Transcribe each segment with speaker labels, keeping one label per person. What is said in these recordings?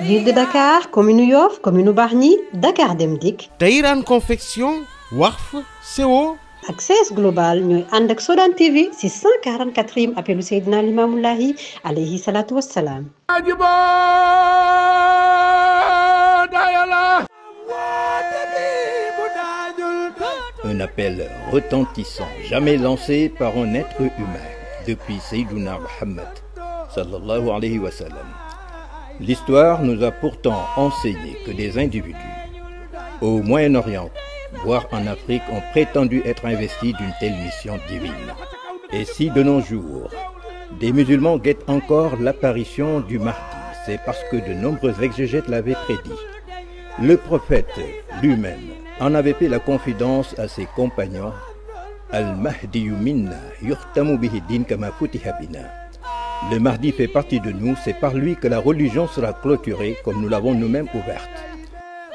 Speaker 1: ville de Dakar commune Yoff commune Barni, Dakar Demdik. Dikk confection Warf CO Access Global nous sommes Sodan TV c'est 144e au Seydina al Alehi alayhi salatu wassalam.
Speaker 2: Un appel retentissant, jamais lancé par un être humain, depuis Seydouna Mohammed L'histoire nous a pourtant enseigné que des individus, au Moyen-Orient, voire en Afrique, ont prétendu être investis d'une telle mission divine. Et si de nos jours, des musulmans guettent encore l'apparition du Mahdi, c'est parce que de nombreux exégètes l'avaient prédit. Le prophète lui-même en avait fait la confidence à ses compagnons. al mahdi minna yurtamu bihi din le mardi fait partie de nous, c'est par lui que la religion sera clôturée comme nous l'avons nous-mêmes ouverte.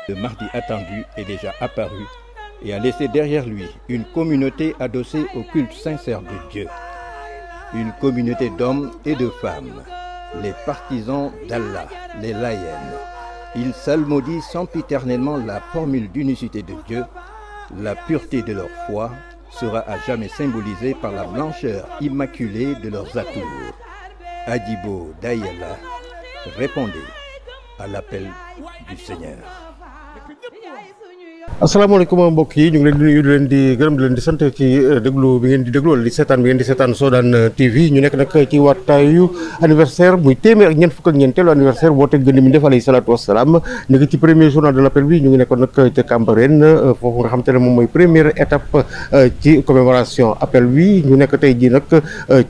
Speaker 2: Le mardi attendu est déjà apparu et a laissé derrière lui une communauté adossée au culte sincère de Dieu. Une communauté d'hommes et de femmes, les partisans d'Allah, les laïens. Ils sans sempiternellement la formule d'unicité de Dieu. La pureté de leur foi sera à jamais symbolisée par la blancheur immaculée de leurs atours. Adibo Dayala répondait à l'appel du Seigneur.
Speaker 1: Assalamualaikum mbokk yi ñu ngi leen di nuyu eh, di leen di gërëm di leen di sant ci déglu bi ngeen di déglu wala di seetaan bi ngeen di seetaan Soodaan eh, TV ñu nekk nag ci wattaayu anniversaire muy téeméer ak ñeent fukk ak ñeenteelu anniversaire woote gën mi def alayhi salaatu wasalaam ci premier journal de l'appel bi ñu ngi nekkoon nag ca Cambérène eh, foofu nga xam te ne moom mooy première étape ci commémoration appel bi ñu nekk tey jii nag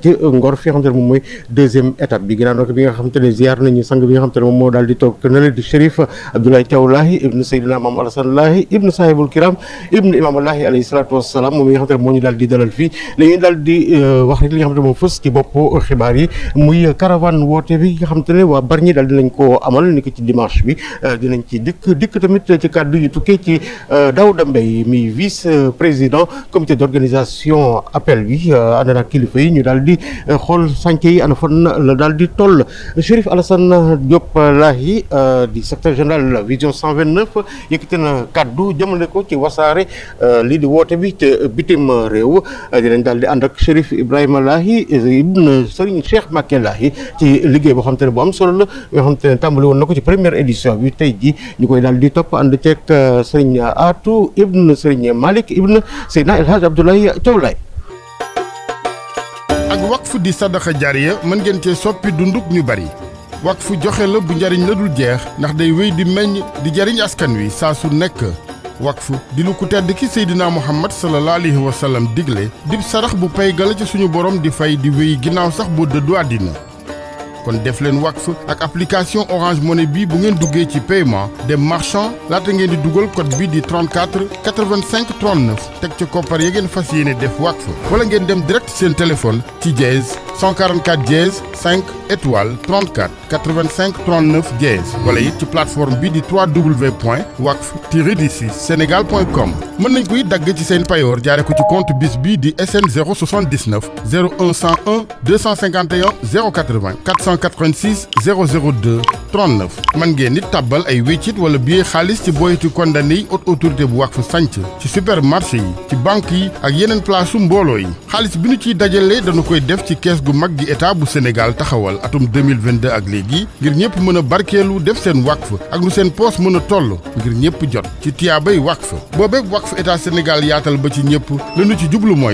Speaker 1: ci Ngor fi nga xam te deuxième étape bi ginnaaw nag bi nga xam te ne ziar nañu sang bi nga xam te ne moom di toog na le di Chérif Abdoulaye Thiaw ibnu Seydina Mame Alassane Lahi ibnu sahibul kiram ibnu imaamullahi alayhi salatu wasalaam moom mi nga xam ne ñu daal di dalal fii la ñuy di euh, wax li nga xam ne moom fës ci bop xibar yi muy caravane wote bi nga xam te ne waa Bargny daal dinañ ko amal ni ko ci dimanche bi euh, dinañ ci dik dik tamit ci kàddu yu tukki ci euh, Daouda Mbaye mi vice président comité d'organisation appel bi ànd kilifa yi ñu daal di xool sànq yi ana fan la daal di toll Chérif Alassane Diop Lahi di secrétaire général vision 129 yëkkati na jëmale ko ci wasaare euh, lii di woote bi ca bitim réew euh, dinañ daal di ànd ak Chérif Ibrahima Lahi ibn sëriñ Cheikh Mbacké Lahi ci liggéey boo xam ne boo am solo la yoo xam te ne tàmbali woon na ko ci première édition bi tey ji ñu koy daal di topp ànd ceeg euh, Serigne Atou ibn Serigne Malick ibn Seydina El Hadj Abdoulaye Thiaw Laye ak waqfu di sadaxa jariya mën ngeen cee soppi dunduk ñu bari
Speaker 3: fu joxe la bu njariñ la dul jeex ndax day wéy di meññ di jariñ askan wi saa su nekk wakfu di lu ku tedd ki seydinaa muhammad sallallahu alayhi wa sallam digle dib sarax bu pay gala ci suñu borom di fay di wéy ginnaaw sax bu dëddu àddina kon def leen wakf ak application orange money bi bu ngeen duggee ci paiement dem marchand laata ngeen di dugal code bi di 34 85 39 teg ca koppar ya ngeen fas yéene def wakf wala ngeen dem direct seen téléphone ci dièse 144 dièse 5 étoile 34 85 39 10 wala it ci plateforme bi di 3w point wakf sénégal point com mën nañ koy ci compte bis bi di SN 079 01101 251 080 486 002 39 man ngeen nit tàbbal ay wéccit wala billet xaalis ci boyeti condamné yi haute autorité bu wakf sànc ci supermarché yi ci banque yi ak yeneen place su mbooloo yi xaalis bi ñu dañu koy def ci caisse gu mag gi état bu sénégal taxawal à atum 2022 ak léegi ngir ñepp mëna a def seen WAKF ak lu seen poste. mëna a toll ngir ñepp jot ci tiyaabay wakf boobeeg wakf état Sénégal yaatal ba ci ñepp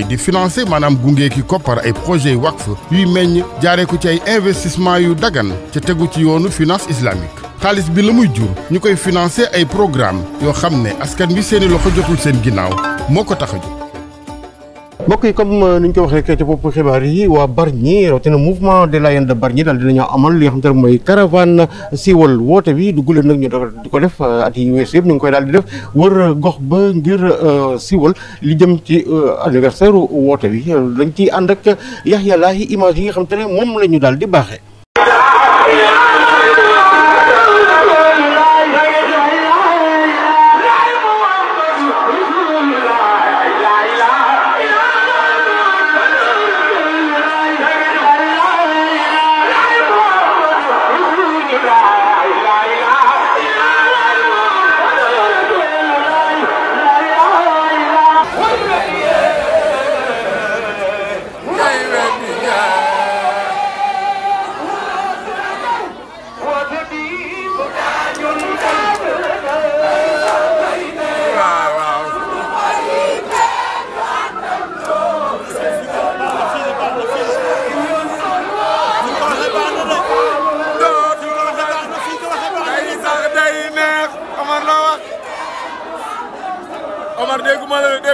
Speaker 3: ci financer ki ay projets WAKF meñ jaaré ko ci ay investissement yu dagan ci ci yoonu finance islamique bi financer ay programme yo askan jotul
Speaker 1: mbokk yi comme ni ñu ko waxee rek ci bopp eh, xibaar yi waa Bargny rawatina mouvement des de amal li nga xam te ne mooy caravane siiwal woote bi dugg ñu ya, ya di ko def at yi weesu yëpp ñu ngi koy daal di def wër gox ba ngir siiwal li jëm ci anniversaire bi ak Yahya Lahi image yi nga xam te di baaxee.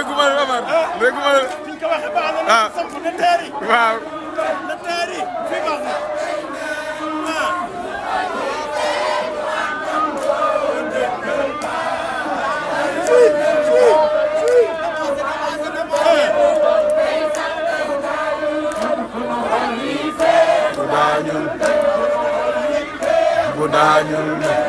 Speaker 4: déggu ma la Amar déggu ma la.
Speaker 5: fi ñu ko waxee baax na la samp na teeri. waaw na teeri fii baax na. bu daa ñun bu daa ñun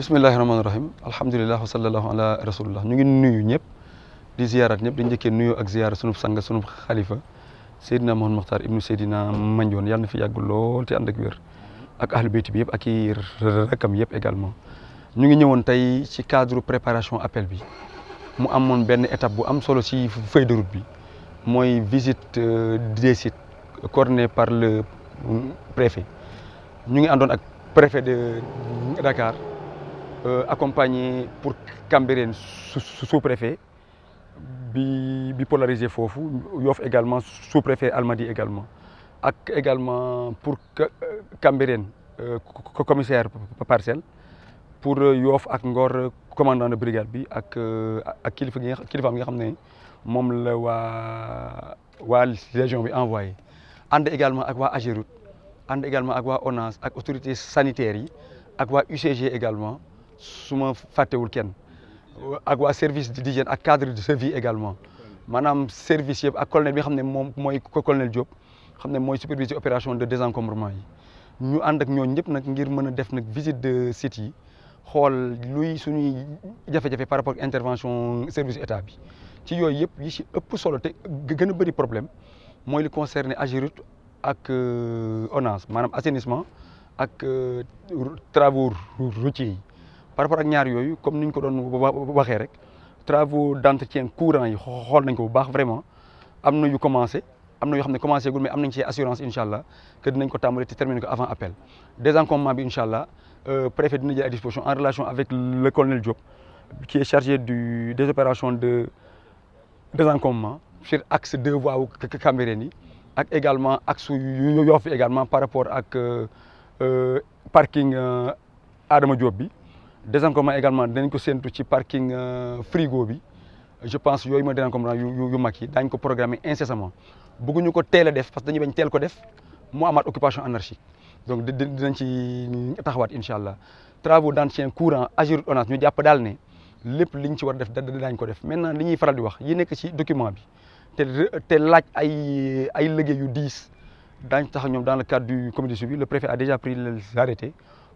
Speaker 6: bismillahi rahmaani rahim alhamdulilah wa sallallahu ala rasulillah ñu ngi nuyu ñëpp di ziyaaraat ñëpp di njëkkee nuyu ak ziyaara sunub sanga sunub xalifa Seydina Mohamed Makhtar ibnu Seydina Mandione yàlla na fi yàgg lool te ànd ak wér ak ahlu béyti bi yëpp ak i rakam yëpp également ñu ngi ñëwoon tey si cadre préparation appel bi mu amoon benn étape bu am solo si feuille de route bi mooy visite euh, des sites coordonnée par le euh, préfet ñu ngi àndoon ak préfet de Dakar Euh, accompagné pour Cambérène sous-préfet bi bi polarisé Fofou Yoff également sous-préfet Almadi également également pour euh, Cambérène euh, commissaire parcelle pour yof ak Ngor commandant de brigade bi ak ak kilifa gi nga légion bi envoyé And également ak Giroud, à ànd également à waa ONAS ak autorités sanitaires UCG également suma faté wul kenn ak wa service d'hygiène ak cadre de vie également manam service yeb ak colonel bi xamné mom moy colonel Diop xamné moy superviseur opération de désencombrement yi ñu and ak ñoon ñep nak ngir mëna def nak visite de site yi xol luy suñu jafé jafé par rapport intervention service état bi ci yoy yëpp yi ci ëpp solo té gëna bëri problème moy li concerné Agirut ak euh, onance manam assainissement ak euh, travaux routiers par rapport à ñaar comme nous ko doon rek travaux d'entretien courant yi xool nañ ko bu baax vraiment am yu commencé am yo xamné commencé gul mais amna ci assurance inshallah, que dinañ ko tàmbali terminer ko avant appel désencombrement bi inshallah euh, préfet dina jël à disposition en relation avec le colonel Diop qui est chargé du des opérations de désencombrement sur axe de voie ou Cambérène ak également axe yu également par rapport ak euh, euh, parking Adama Diop bi désencombrement également dañ ko sentu ci parking euh, frigo bi je pense yooyu mooy désencombrement yu yu mag dañ ko programmer incessamment bëgguñu ko téla def parce que dañuy bañ teel ko def mu amat occupation anarchique donc dinañ ci taxawat inshallah travaux d'entretien courant agir ONAS ñu japp dal né lepp liñ ci war def dañ ko def maintenant li ñuy faral di wax yi nekk ci document bi té té laaj ay ay liggéey yu diis daañ tax ñom dans le cadre du comité de suivi le préfet a déjà pris les arrêtés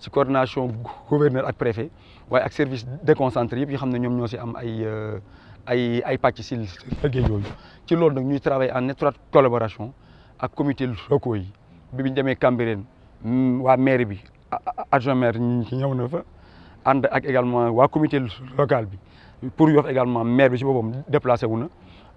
Speaker 6: si coordination gouverneur et préfet waaye ak service déconcentré yëpp yoo xam ne ñoom ñoo si am ay euh, ay ay pàcc si liggéey yooyu ci loolu nag ñuy travailler en étroite collaboration ak comité locaux yi bi biñu demee Cambérène mm, waa maire bi adjoint maire ñëw na fa ànd ak également waa comité local bi pour Yoff également maire bi si boppam déplacer wu na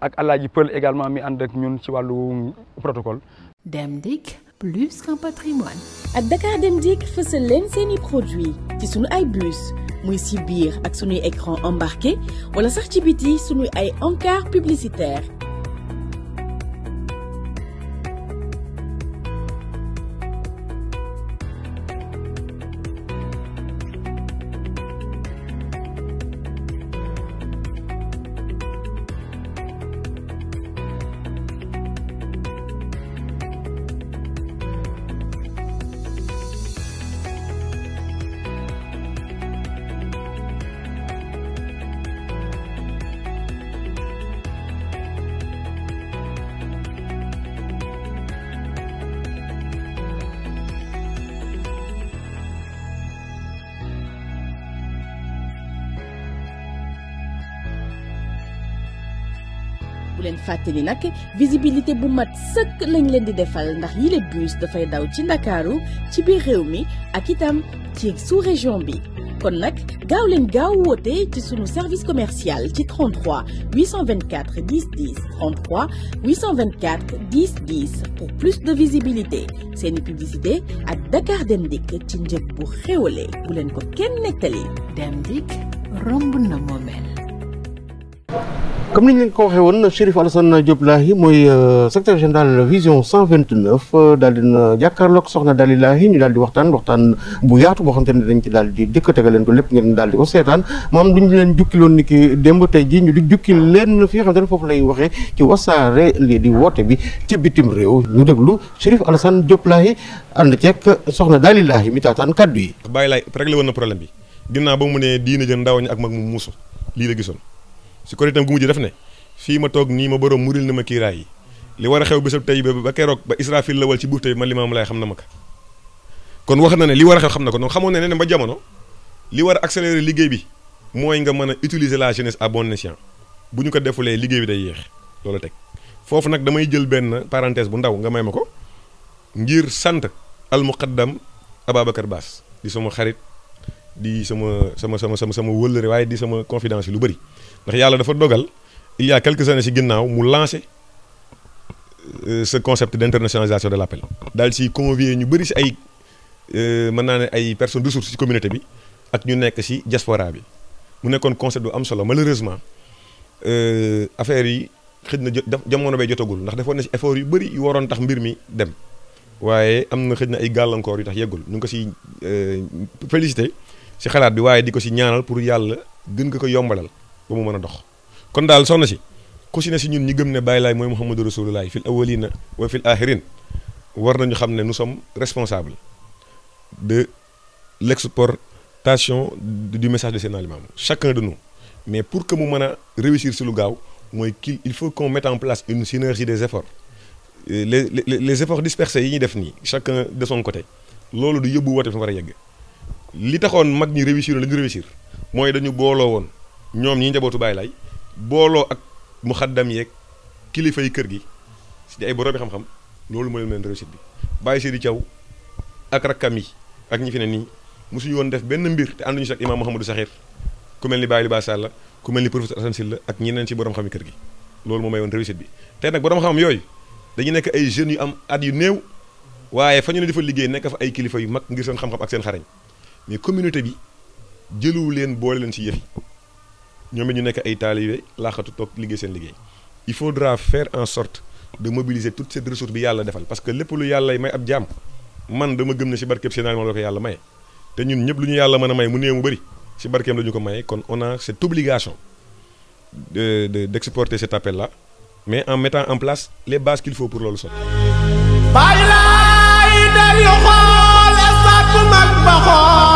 Speaker 6: ak Alaaji Pël également mi ànd ak ñun ci wàllu protocole.
Speaker 7: Dem plus qu'un patrimoine. ak Dakar Dem Dikk fësal leen seeni produits ci sunu ay bus muy si ak sunu écran embarqué wala sax ci biti sunu ay encart publicitaire Vous leen nak visibilité bu mat seuk lañ leen di defal ndax yile bus fay daw ci Dakaru, ci bi réew mi ak itam ci sous-région bi kon nak gaw leen gaw wote ci sunu service commercial ci 33 824 10 10 33 824 10 10 pour plus de visibilité C'est une publicité à Dakar demdik ci njëg bu xéwale boulen ko kenn nettali demdik romb na
Speaker 1: comme ni ñu leen ko waxee woon Chérif Alassane Diop Lahi mooy euh, secrétaire général vision 129 euh, daal dina jàkkaarloog soxna Dali ñu daal di waxtaan waxtaan bu yaatu boo xam te ne dañ ci daal di dëkk tegal leen ko lépp ngeen daal di ko seetaan moom duñ leen jukkiloon ni ki démb tey ji ñu di jukki leen fi nga xam te ne foofu lay waxee ci wasaare di woote bi ci bitim réew ñu déglu Chérif Alassane Diop Lahi ànd ceeg soxna Dali Lahi mi taataan kaddu yi.
Speaker 4: bàyyi laay réglé woon na problème bi ginnaaw ba mu ne diine jën ndaw ak mag mu muusu lii la gisoon. ci ko itam gu mujj def ne fii ma tok ni ma borom muril na ma kiiraay yi li wara xew bisab tay ba keroog ba israfil la wal ci buuf tey man limaam laay xam na kon wax na ne li wara xew xamna ko non xamone ne ne ba jamono li wara accélérer liggéey bi moy nga meuna utiliser la jeunesse à bon escient buñu ko defulé liggéey bi day yex loolu tek fofu nak damay jël ben parenthèse bu ndaw nga may mako ngir sante al muqaddam ababakar bass di sama xarit di sama sama sama sama wëlëri wëllëre di sama confidence lu bari ndax yàlla dafa dogal il y a quelques années ci ginnaaw mu lancé euh, ce concept d' internationalisation de l' appel daal ci convier ñu bëri ci ay euh, mën naa ne ay personnes de ressources ci communauté bi ak ñu nekk ci diaspora bi mu nekkoon concept bu am solo malheureusement euh, affaire yi xëj na jamono bay jotagul ndax defoon na ci effort yu bëri yu waroon tax mbir mi dem waaye am na xëj na ay gàllankoor yu tax yeggul ñu ngi ko ci féliciter ci xalaat bi waaye di ko ci ñaanal pour yàlla gën ko ko yombalal ba meuna dox kon dal soxna ci ku si ne si ñun ñi gëm ne baylay moy mooy Rasulullah fil awwalina wa fil axirin war nañu xamne nous sommes responsables de l'exportation du message de Seydina Limamou chacun de nous mais pour que mu meuna réussir ci lu gaaw moy qu'il il faut qu'on mette en place une synergie des efforts les les, les efforts dispersés yi ñi def ni chacun de son côté lolu du yebbu wote fi mu war yegg li taxone mag ñi réussir la ñu réussir moy dañu booloo won ñoom ñi njabootu Baay lay booloo ak muxaddam yeeg kilifa yi kër gi di ay borom xam-xam loolu mooy leen réussite bi Baay Seydi caw ak rakkam yi ak ñi fi ne nii suñu woon def benn mbir te ànduñu si ak imaam Mouhamadou Saxir ku mel ni Baay Libaas Sall ku mel ni professeur Assane Sylla ak ñeneen si borom xam kër gi loolu moo may woon réussite bi tey nag borom xam yooyu dañu nekk ay jeunes yu am at yu néew waaye fa ñu ne dafa liggéey nekk fa ay kilifa yu mag ngir xam-xam ak seen xarañ mais communauté bi jëluwu leen boole leen si yëf ñoom ñu nekk ay talibé laaxatu tok liggéey seen liggéey il faudra faire en sorte de mobiliser toute cette ressource bi yàlla defal parce que lépp lu yàlla may ab jaam man dama gëm ne si barkeem Seydina Limaamu la ko yàlla maye te ñun ñëpp lu ñu yàlla mën a may mu néew mu bëri si barkeem la ñu ko maye kon on a cette obligation de de d' exporter cet appel là mais en mettant en place les bases qu'il faut pour loolu sotti.
Speaker 5: bàyyi laay del yu xoole ba xool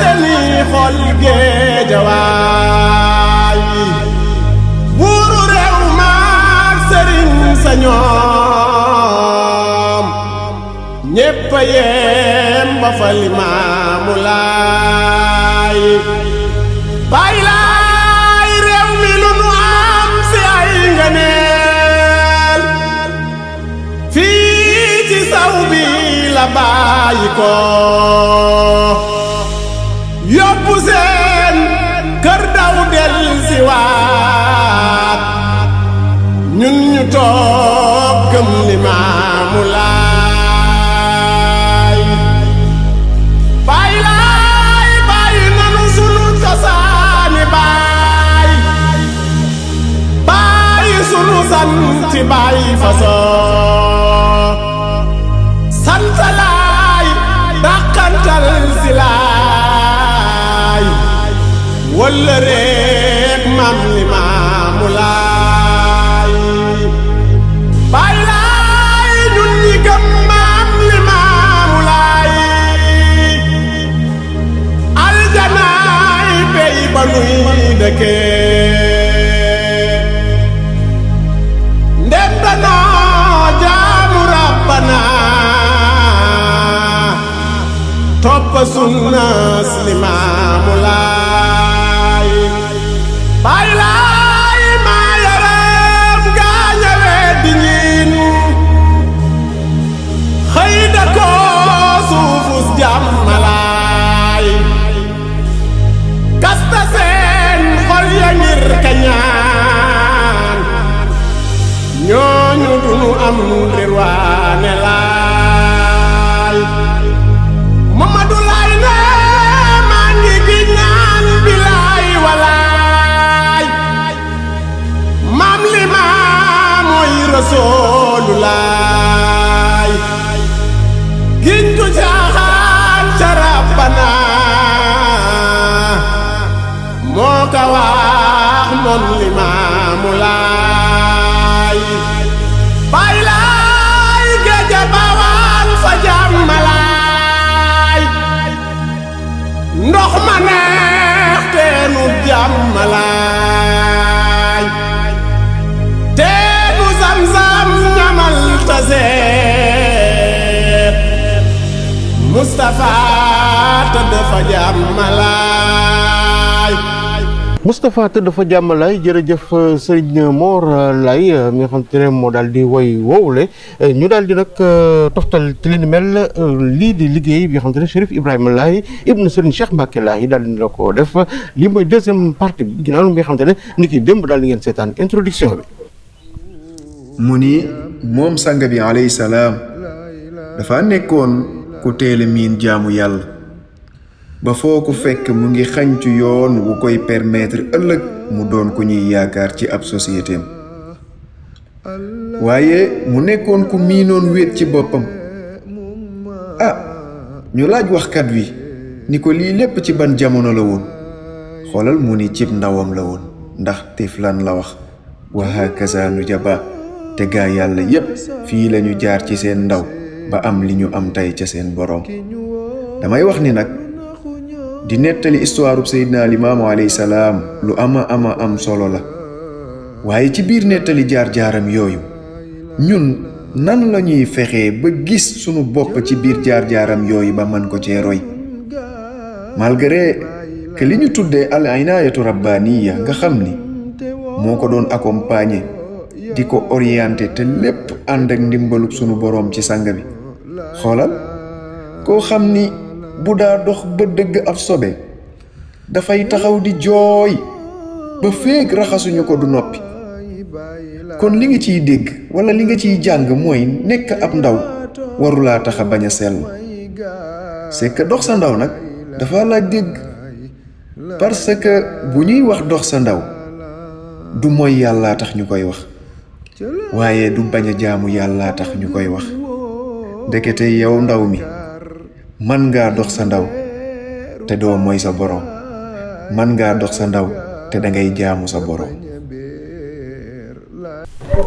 Speaker 5: seli xol géejawaay buuru réew maag sëriñ sa ñoom ñépp a yem ba fa limaamu laay bàyyi laay réew mi lu am si ay ngeneel fii ci saw bi la bàyyi ko fi bàyyi façon santalaay dàqantal si laay wala dunu am rirwaane laay Mamadu laay ne
Speaker 2: maa ngi giñ
Speaker 5: naan bilaay walaay maam li maa mooy rasoolu laay giñ du jaaxaan ca rabbana moo ka wax moom li seet Moustapha tëdd fa jàmmalaay
Speaker 1: Moustapha jërëjëf euh, sëriñ Mor euh, Lay euh, mi nga xam te moo daal di woy woowule ñu daal di nag toftal ci li ni mel lii di liggéey bi nga xam te ne Chérif Ibrahima Lay ibnu sëriñ Cheikh Mbacke Lay daal dina ko def lii mooy deuxième partie bi ginnaaw bi nga xam te ne nit ki démb daal di ngeen seetaan introduction bi
Speaker 7: muni mom moom bi alayhi salam dafa nekkoon ku teel min miin jaamu yàlla ba foo ko fekk mu ngi xañcu yoon wu koy permettre ëllëg mu doon ku ñuy ci ab société waye mu nekkoon ku miinoon wéet ci boppam ah ñu laaj waxkat wi ni ko lii lépp ci ban jamono la woon xoolal mu ni ndawam la woon ndax tiflan la wax wa hakaza nu te gaa yàlla yépp fii lañu jaar ci seen ndaw ba am li ñu am tey ca seen boroom damay wax ni nag di nettali histoire bu Seydina Limaamu salaam lu ama ama am solo la waaye ci biir nettali jaar-jaaram yooyu ñun nan la ñuy fexee ba gis sunu bopp ci biir jaar-jaaram yooyu ba mën ko cee roy malgré li ñu tuddee al inaayatu rabbaaniya nga xam ni moo ko doon accompagner di ko orienté te lépp ànd ak ndimbalub sunu borom ci sang bi xoolal koo xam bu daa dox ba dëgg ab sobe dafay taxaw di jooy ba féeg raxasuñu ko du noppi kon li nga ciy dégg wala li nga ciy jàng mooy nekk ab ndaw warulaa taxa bañ a sell c'est que dox sa ndaw nag dafa laa dégg parce que bu ñuy wax dox sa ndaw du mooy yàllaa tax ñu wax waaye du bañ a jaamu yàlla tax ñu koy wax ndekete yow ndaw mi man ngaa dox sa ndaw te doo mooy sa boroom man ngaa dox sa ndaw te dangay jaamu sa boroom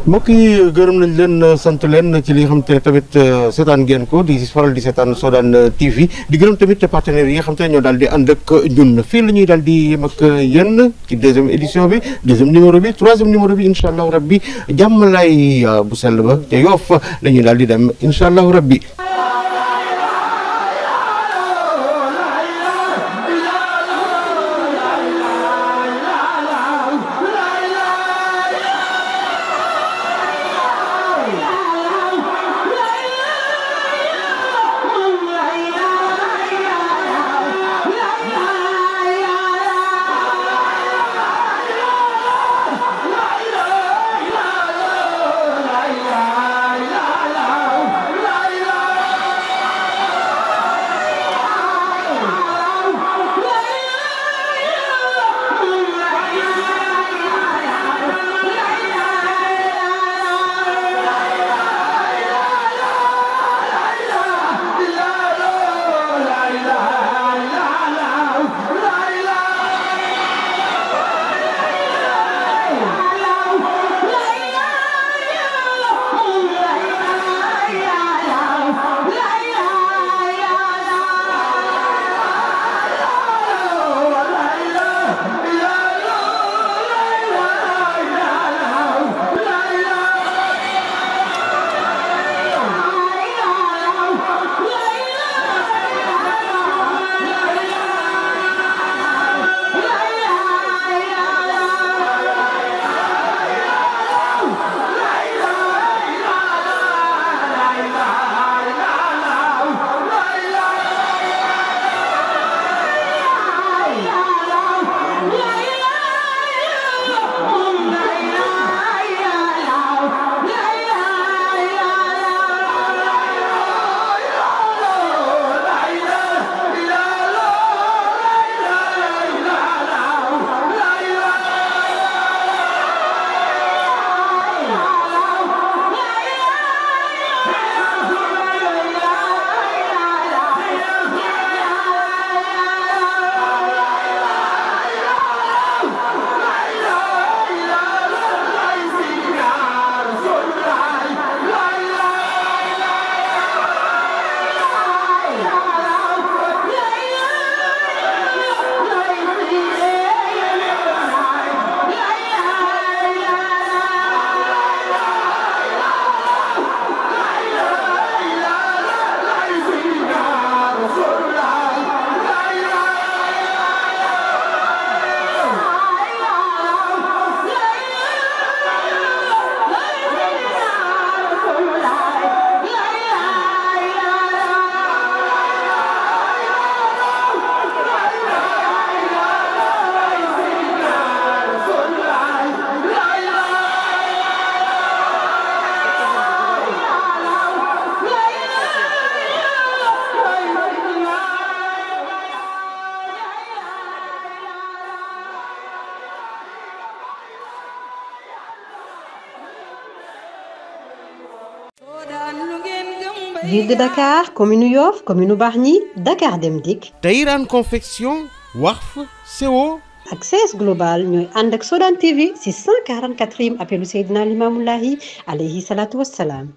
Speaker 1: mbokk yi gërëm nañ leen sant leen ci li nga xam te tamit euh, seetaan ngeen ko di faral di seetaan Soodaan euh, TV di gërëm tamit partenaires yi nga xam te ñoo daal di ànd ak ñun fii la ñuy daal di yem ak yéen ci deuxième édition bi deuxième numéro bi troisième numéro bi incha allahu rabbi jàmm lay euh, bu sell ba te yoof la ñuy daal di dem incha allahu rabbi
Speaker 2: de Dakar commune Yoff
Speaker 1: commune Barni, Dakar demdik. Dikk confection Warf CO
Speaker 2: Access Global nous sommes Sodan TV ci 144e appel Seydina Limamou Lahi alayhi salatu wassalam